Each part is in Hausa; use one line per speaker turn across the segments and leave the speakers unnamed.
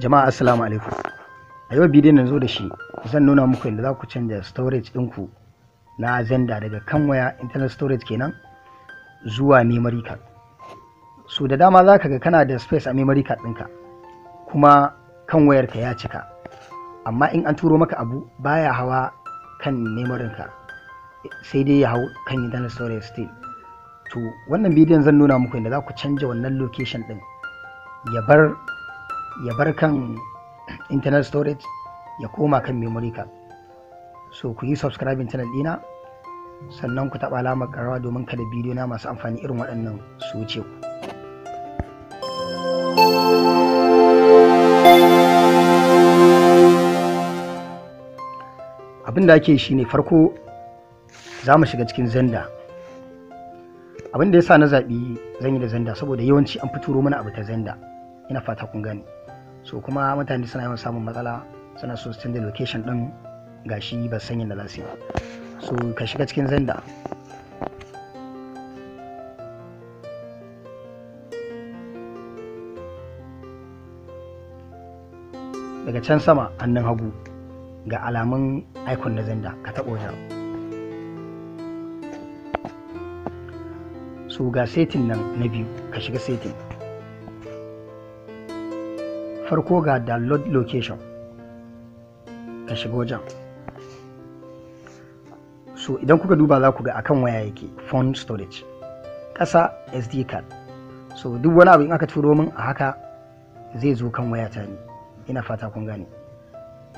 jama'a assalamu alaikum a yau bidiyon da zo da shi zan nuna muku yadda za ku canja storage ɗinku na zenda daga kan waya internet storage kenan zuwa memory card so da dama za ka ga kana da space a memory card ɗinka kuma kan wayarka ya cika amma in an turo maka abu baya hawa kan memory ka sai dai ya hau kan internet storage still to wannan bidiyon zan nuna muku yadda za ku canja wannan location ɗin ya bar ya bar kan internet storage ya koma kan memory card so ku yi subscribing channel dina sannan ku taɓa alamar karawa domin kada bidiyo na masu amfani irin waɗannan su wuce ku abin da ake shi ne farko za mu shiga cikin zanda abin da ya sa na zaɓi zan yi da zanda saboda yawanci an fituro mana abu ta zanda ina fata kun gani. so kuma mutane suna yawan samun matsala suna so su canza location din gashi ba san yadda za su yi so ka shiga cikin zanda daga can sama hannun hagu ga alamun icon na zanda ka taɓa wajen so ga setting nan na biyu ka shiga setin. farko ga download location ka shiga wajen so idan kuka duba za ku ga akan waya yake phone storage ƙasa sd card so duk wani abu in aka turo min a haka zai zo kan waya ta ne ina fata kun gane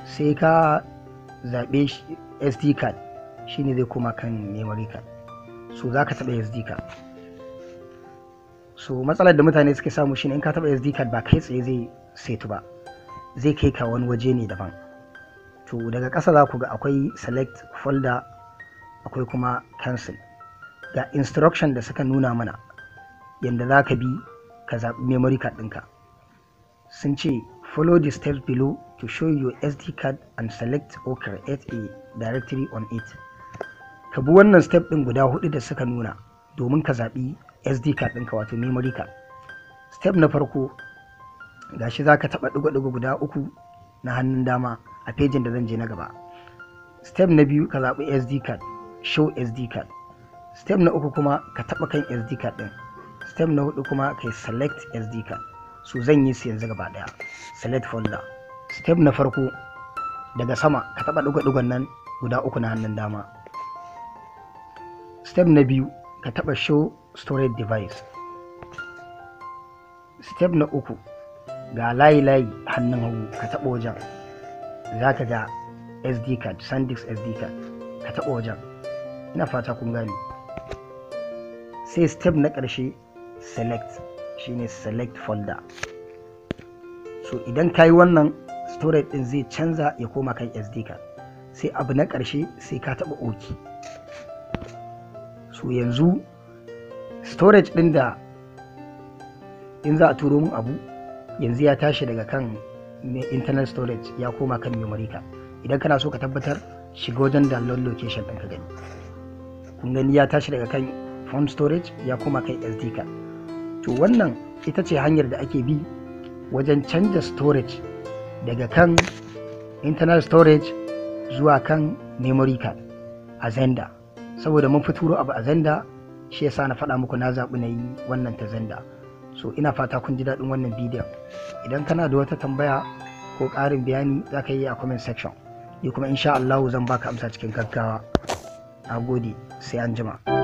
sai ka zaɓe sd card shine zai koma kan memory card so za ka taɓa sd card so matsalar da mutane suke samu shine in ka taba SD card ba kai tsaye zai setu ba zai kai ka wani waje ne daban to daga ƙasa za ku ga akwai select folder akwai kuma cancel ga instruction da suka nuna mana yadda za ka bi ka zaɓi memory card ɗinka sun ce follow the steps below to show your SD card and select or create a directory on it ka bi wannan step ɗin guda hudu da suka nuna domin ka zaɓi sd card ɗinka wato memory card step na farko gashi za ka taɓa ɗigo-ɗigo guda uku na hannun dama a fejin da zan je na gaba step na biyu ka zaɓi sd card show sd card step na uku kuma ka taɓa kan sd card ɗin step na hudu kuma ka yi select sd card su zan yi su yanzu gaba ɗaya select folder step na farko daga sama ka taɓa ɗigo-ɗigon nan guda uku na hannun dama step na biyu ka taɓa show storage device step na uku ga layi-layi hannun hagu ka taɓa wajen za ka ga sd card sandisk sd card ka taɓa wajen ina fata kun gane sai step na ƙarshe select shine select folder so idan ka yi wannan storage ɗin zai canza ya koma kan sd card sai abu na ƙarshe sai ka taɓa ok so yanzu storage ɗin da in za a turo min abu yanzu ya tashi daga kan internal storage ya koma kan memory card idan kana so ka tabbatar shiga wajen download location ɗin ka gani kun gani ya tashi daga kan phone storage ya koma kan sd card to wannan ita ce hanyar da ake bi wajen canja storage daga kan internal storage zuwa kan memory card a zenda saboda mun fi turo abu a zenda shi yasa na faɗa muku na zaɓi na yi wannan ta zanda so ina fata kun ji daɗin wannan bidiyon idan kana da wata tambaya ko ƙarin bayani za ka yi a comment section ni kuma insha Allah zan baka amsa cikin gaggawa na gode sai an jima.